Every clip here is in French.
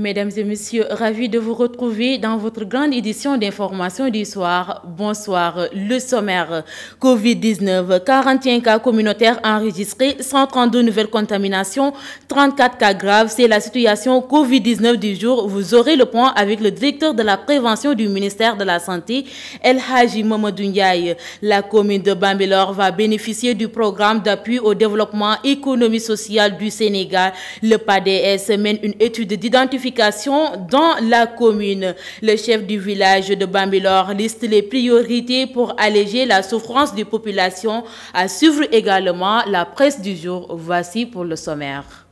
Mesdames et messieurs, ravi de vous retrouver dans votre grande édition d'information du soir. Bonsoir, le sommaire. Covid-19, 41 cas communautaires enregistrés, 132 nouvelles contaminations, 34 cas graves. C'est la situation Covid-19 du jour. Vous aurez le point avec le directeur de la prévention du ministère de la Santé, El Haji Mamadou Ndiaye. La commune de Bambelor va bénéficier du programme d'appui au développement économie sociale du Sénégal. Le PADS mène une étude d'identification dans la commune. Le chef du village de Bambilor liste les priorités pour alléger la souffrance des populations. À suivre également la presse du jour. Voici pour le sommaire.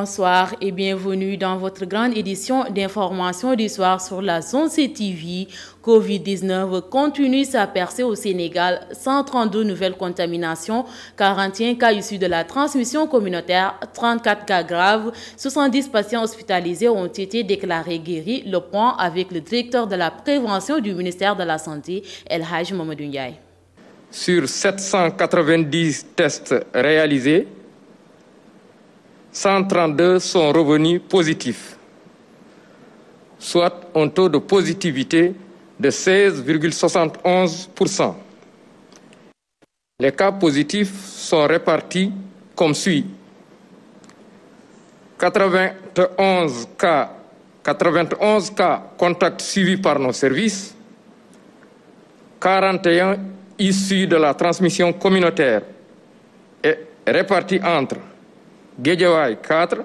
bonsoir et bienvenue dans votre grande édition d'information du soir sur la zone CTV. Covid-19 continue sa percée au Sénégal, 132 nouvelles contaminations, 41 cas issus de la transmission communautaire, 34 cas graves, 70 patients hospitalisés ont été déclarés guéris. Le point avec le directeur de la prévention du ministère de la Santé, El Haj Mamadou Sur 790 tests réalisés, 132 sont revenus positifs, soit un taux de positivité de 16,71%. Les cas positifs sont répartis comme suit. 91 cas, 91 cas contacts suivis par nos services, 41 issus de la transmission communautaire et répartis entre Guédiawaye 4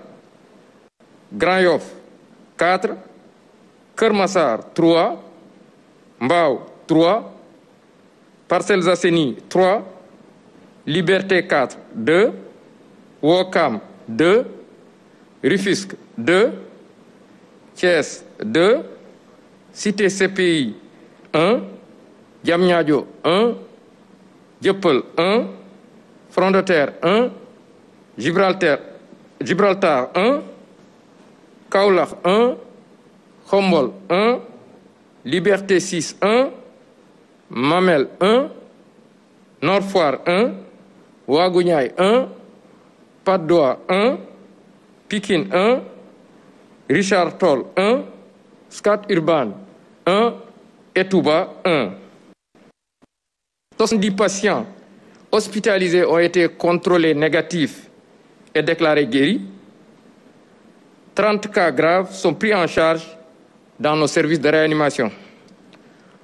Grand 4 Kermassar, 3 Mbao 3 Parcelles Asseni 3 Liberté 4 2 Wokam 2 Rufisque 2 Thiès 2 Cité CPI 1 Diamniadio 1 Dieuppeul 1 Front de Terre 1 Gibraltar, Gibraltar 1, Kaulach 1, Khombol 1, Liberté 6 1, Mamel 1, Norfoire 1, Wagunyai 1, Padoa 1, Pikin 1, Richard Toll 1, Scott Urban 1, Etouba 1. 70 patients hospitalisés ont été contrôlés négatifs est déclaré guéri. 30 cas graves sont pris en charge dans nos services de réanimation.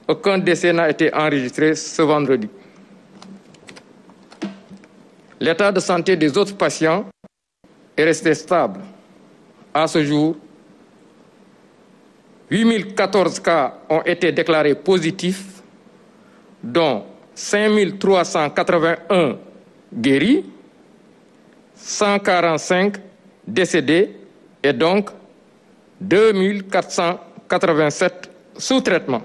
Aucun décès n'a été enregistré ce vendredi. L'état de santé des autres patients est resté stable. À ce jour, 8014 cas ont été déclarés positifs, dont 5381 guéris 145 décédés et donc 2487 sous traitement.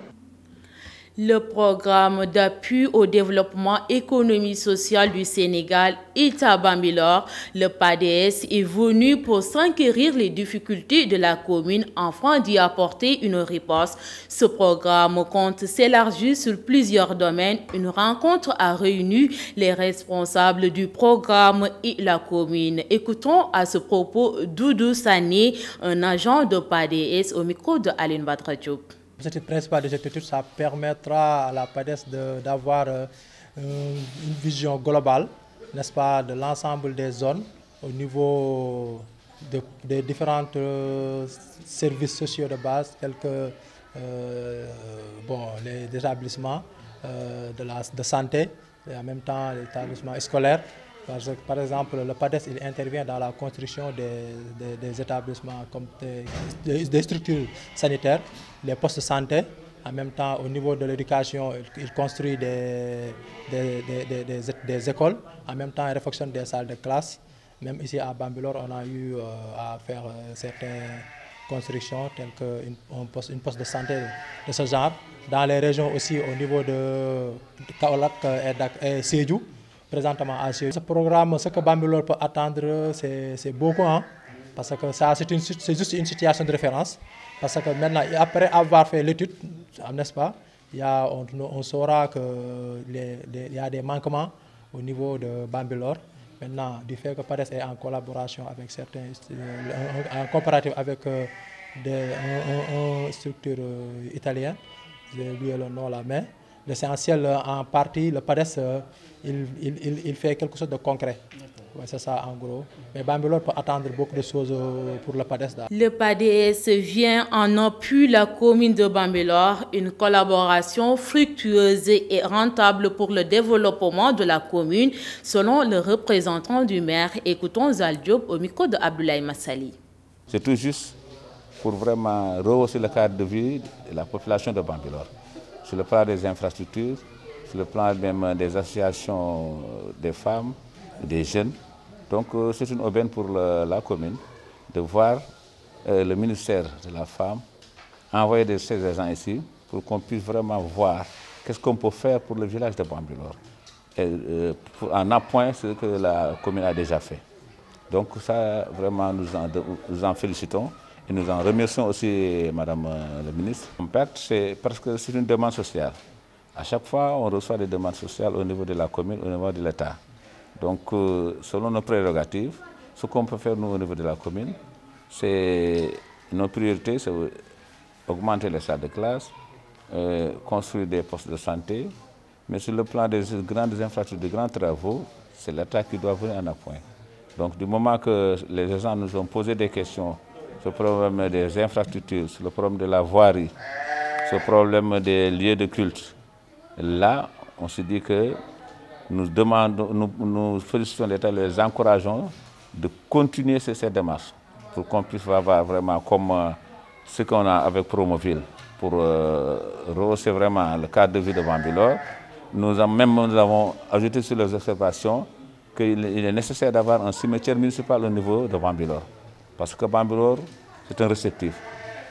Le programme d'appui au développement économie sociale du Sénégal, Itabamilor, le PADS, est venu pour s'enquérir les difficultés de la commune afin d'y apporter une réponse. Ce programme compte s'élargir sur plusieurs domaines. Une rencontre a réuni les responsables du programme et la commune. Écoutons à ce propos Doudou Sani, un agent de PADS au micro de Aline Batrachouk cette principal de ça permettra à la PADES d'avoir euh, une vision globale, n'est-ce pas, de l'ensemble des zones au niveau des différents euh, services sociaux de base, tels que euh, bon, les établissements de, de santé, et en même temps les établissements scolaires par exemple, le PADES intervient dans la construction des, établissements, comme des, structures sanitaires, les postes de santé. En même temps, au niveau de l'éducation, il, construit des, des, écoles. En même temps, il réfectionne des salles de classe. Même ici à Bambilor, on a eu euh, à faire euh, certaines constructions telles qu'une poste, une poste de santé de ce genre. Dans les régions aussi, au niveau de Kaolak euh, et, et présentement Ce programme, ce que Bambilor peut attendre, c'est beaucoup. Hein, parce que ça, c'est juste une situation de référence. Parce que maintenant, après avoir fait l'étude, n'est-ce pas, y a, on, saura qu'il y a des manquements au niveau de Bambilor. Maintenant, du fait que Paris est en collaboration avec certains, euh, en coopérative avec euh, des, structures structure euh, italienne, j'ai ai le nom là, mais l'essentiel euh, en partie, le PADES, euh, il, fait quelque chose de concret. c'est ça en gros. Mais Bambilor peut attendre beaucoup de choses euh, pour le PADES. Le PADES vient en appui la commune de Bambilor, une collaboration fructueuse et rentable pour le développement de la commune, selon le représentant du maire. Écoutons Zaldiop au micro de Abdoulaye Massali. C'est tout juste pour vraiment rehausser le cadre de vie de la population de Bambilor sur le plan des infrastructures, sur le plan même des associations euh, des femmes, des jeunes. Donc euh, c'est une aubaine pour la commune de voir euh, le ministère de la Femme envoyer de ses agents ici pour qu'on puisse vraiment voir qu'est-ce qu'on peut faire pour le village de Bambilor. en appoint ce que la commune a déjà fait. Donc ça, vraiment, nous en félicitons. Et nous en remercions aussi Madame euh, la ministre. c'est parce que c'est une demande sociale. À chaque fois, on reçoit des demandes sociales au niveau de la commune, au niveau de l'État. Donc, euh, selon nos prérogatives, ce qu'on peut faire nous au niveau de la commune, c'est nos priorités, c'est augmenter les salles de classe, euh, construire des postes de santé, mais sur le plan des grandes infrastructures, des grands travaux, c'est l'État qui doit venir en appoint. Donc du moment que les gens nous ont posé des questions ce problème des infrastructures, le problème de la voirie, ce problème des lieux de culte. Là, on se dit que nous demandons, nous, nous félicitons l'État, les encourageons de continuer ces, démarche démarches pour qu'on puisse avoir vraiment comme euh, ce qu'on a avec Promoville pour euh, rehausser vraiment le cadre de vie de Bambilor. Nous, avons même, nous avons ajouté sur les observations qu'il est nécessaire d'avoir un cimetière municipal au niveau de Bambilor. Parce que Bambilor, c'est un réceptif.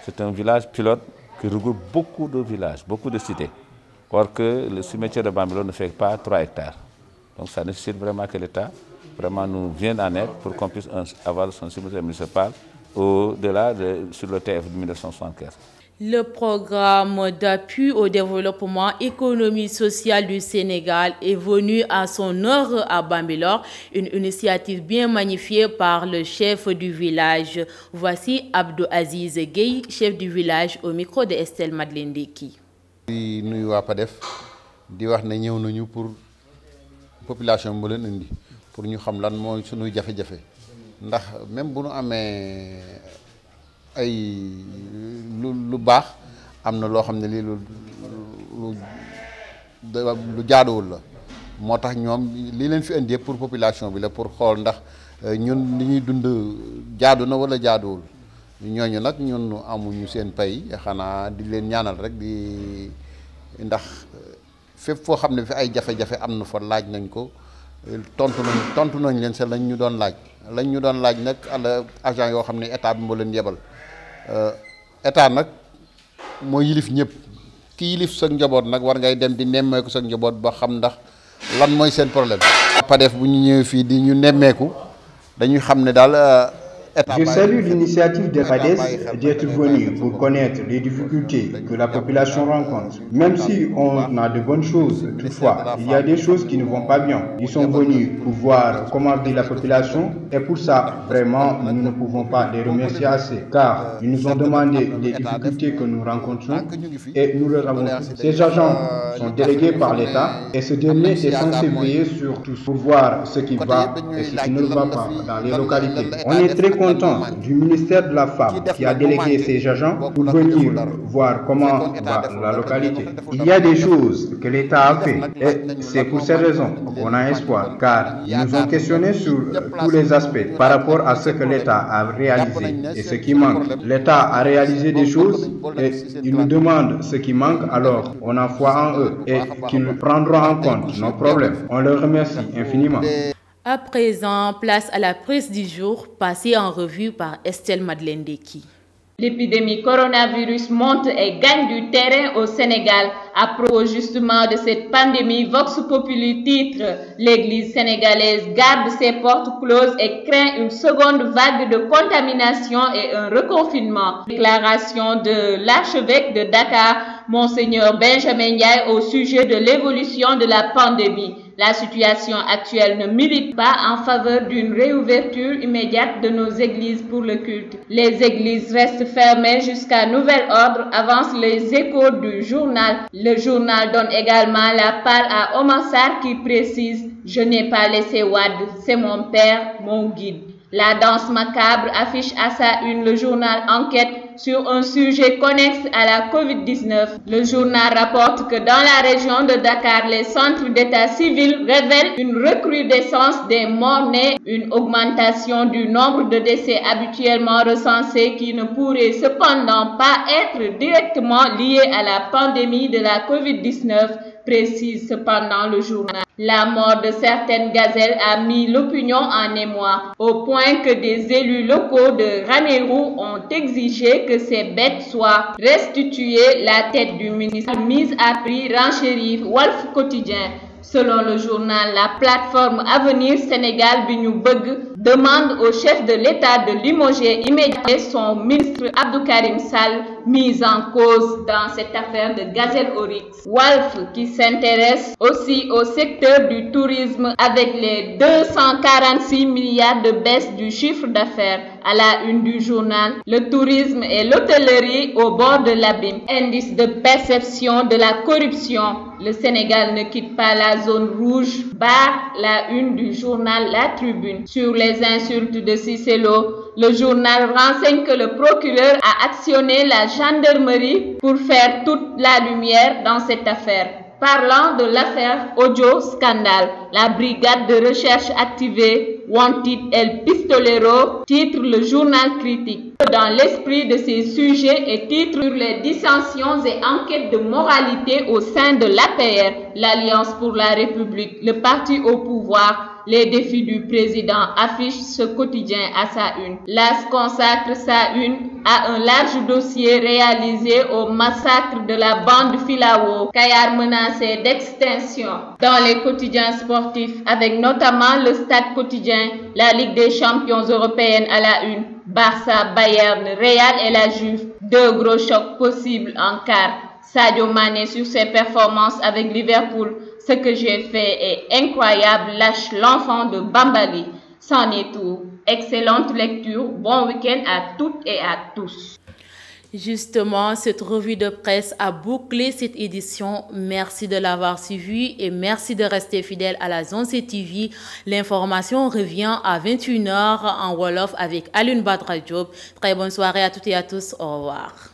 C'est un village pilote qui regroupe beaucoup de villages, beaucoup de cités. Or que le cimetière de Bambilor ne fait pas 3 hectares. Donc ça nécessite vraiment que l'État vraiment nous vienne en aide pour qu'on puisse avoir son cimetière municipal au-delà de, sur le TF de 1975. Le programme d'appui au développement économique social du Sénégal est venu à son heure à Bambilor, une initiative bien magnifiée par le chef du village. Voici Abdou Aziz Gueye, chef du village au micro de Estelle Madeleine Deki. Nous population pour même ay lu lu baax am na loo xam ne lii lu lu lu jaaduwul la moo tax ñoom lii leen fi indi yëpp pour population bi la pour xool ndax euh, ñun li ñuy dund jaadu na wala jaaduwul ñooñu nag ñun amuñu seen pay xanaa di leen ñaanal rek di ndax fépp foo xam ne fi ay jafe-jafe am na fa laaj nañ ko tontu nañ tontu nañ leen sa lañ ñu doon laaj lañ ñu doon laaj nag ala agent yoo xam ne état bi moo leen yebal Euh, état nag mooy yilif ñëpp ki yilif sa njaboot nag war ngay dem di nemmeeku sa njaboot ba xam ndax lan mooy seen problème. Padef bu ñu ñëwee fii di ñu nemmeeku dañuy xam ne daal. Euh, Je salue l'initiative des FADES d'être venus pour connaître les difficultés que la population rencontre. Même si on a de bonnes choses, toutefois, il y a des choses qui ne vont pas bien. Ils sont venus pour voir comment vit la population et pour ça, vraiment, nous ne pouvons pas les remercier assez car ils nous ont demandé les difficultés que nous rencontrons et nous leur avons Ces agents sont délégués par l'État et ce dernier est censé veiller sur tout pour voir ce qui va et ce qui ne va pas dans les localités. On est très du ministère de la Femme qui a délégué ses agents pour venir voir comment va la localité. Il y a des choses que l'État a fait et c'est pour ces raisons qu'on a espoir car ils nous ont questionné sur euh, tous les aspects par rapport à ce que l'État a réalisé et ce qui manque. L'État a réalisé des choses et ils nous demandent ce qui manque alors on a foi en eux et qu'ils nous prendront en compte nos problèmes. On leur remercie infiniment. À présent, place à la presse du jour, passée en revue par Estelle Madeleine Deki. L'épidémie coronavirus monte et gagne du terrain au Sénégal. À propos justement de cette pandémie, Vox Populi titre L'Église sénégalaise garde ses portes closes et craint une seconde vague de contamination et un reconfinement. Déclaration de l'archevêque de Dakar, Monseigneur Benjamin Ndiaye, au sujet de l'évolution de la pandémie. La situation actuelle ne milite pas en faveur d'une réouverture immédiate de nos églises pour le culte. Les églises restent fermées jusqu'à nouvel ordre, avancent les échos du journal. Le journal donne également la part à Omasar qui précise Je n'ai pas laissé Wad, c'est mon père, mon guide. La danse macabre affiche à sa une le journal Enquête sur un sujet connexe à la COVID-19. Le journal rapporte que dans la région de Dakar, les centres d'état civil révèlent une recrudescence des morts nés, une augmentation du nombre de décès habituellement recensés qui ne pourrait cependant pas être directement liés à la pandémie de la COVID-19 précise cependant le journal. La mort de certaines gazelles a mis l'opinion en émoi, au point que des élus locaux de Ranerou ont exigé que ces bêtes soient restituées. La tête du ministre mise à prix shérif, Wolf Quotidien. Selon le journal, la plateforme Avenir Sénégal Bug demande au chef de l'État de limoger immédiatement son ministre Abdou Karim Sall, mis en cause dans cette affaire de Gazelle Oryx. Walf, qui s'intéresse aussi au secteur du tourisme avec les 246 milliards de baisse du chiffre d'affaires à la une du journal, le tourisme et l'hôtellerie au bord de l'abîme. Indice de perception de la corruption. Le Sénégal ne quitte pas la zone rouge. Barre la une du journal La Tribune sur les insultes de Cicelo. Le journal renseigne que le procureur a actionné la gendarmerie pour faire toute la lumière dans cette affaire. Parlant de l'affaire Audio Scandale, la brigade de recherche activée Wanted El Pistolero titre le journal critique. Dans l'esprit de ces sujets et titre les dissensions et enquêtes de moralité au sein de l'APR, l'Alliance pour la République, le parti au pouvoir, les défis du président affiche ce quotidien à sa une. L'AS consacre sa une à un large dossier réalisé au massacre de la bande Filao, Kayar menacé d'extinction. Dans les quotidiens sportifs, avec notamment le Stade quotidien, la Ligue des champions européennes à la une, Barça, Bayern, Real et la Juve, deux gros chocs possibles en quart. Sadio Mané sur ses performances avec Liverpool ce que j'ai fait est incroyable, lâche l'enfant de Bambali. C'en est tout. Excellente lecture, bon week-end à toutes et à tous. Justement, cette revue de presse a bouclé cette édition. Merci de l'avoir suivie et merci de rester fidèle à la Zone TV. L'information revient à 21h en Wolof avec Batra Job. Très bonne soirée à toutes et à tous. Au revoir.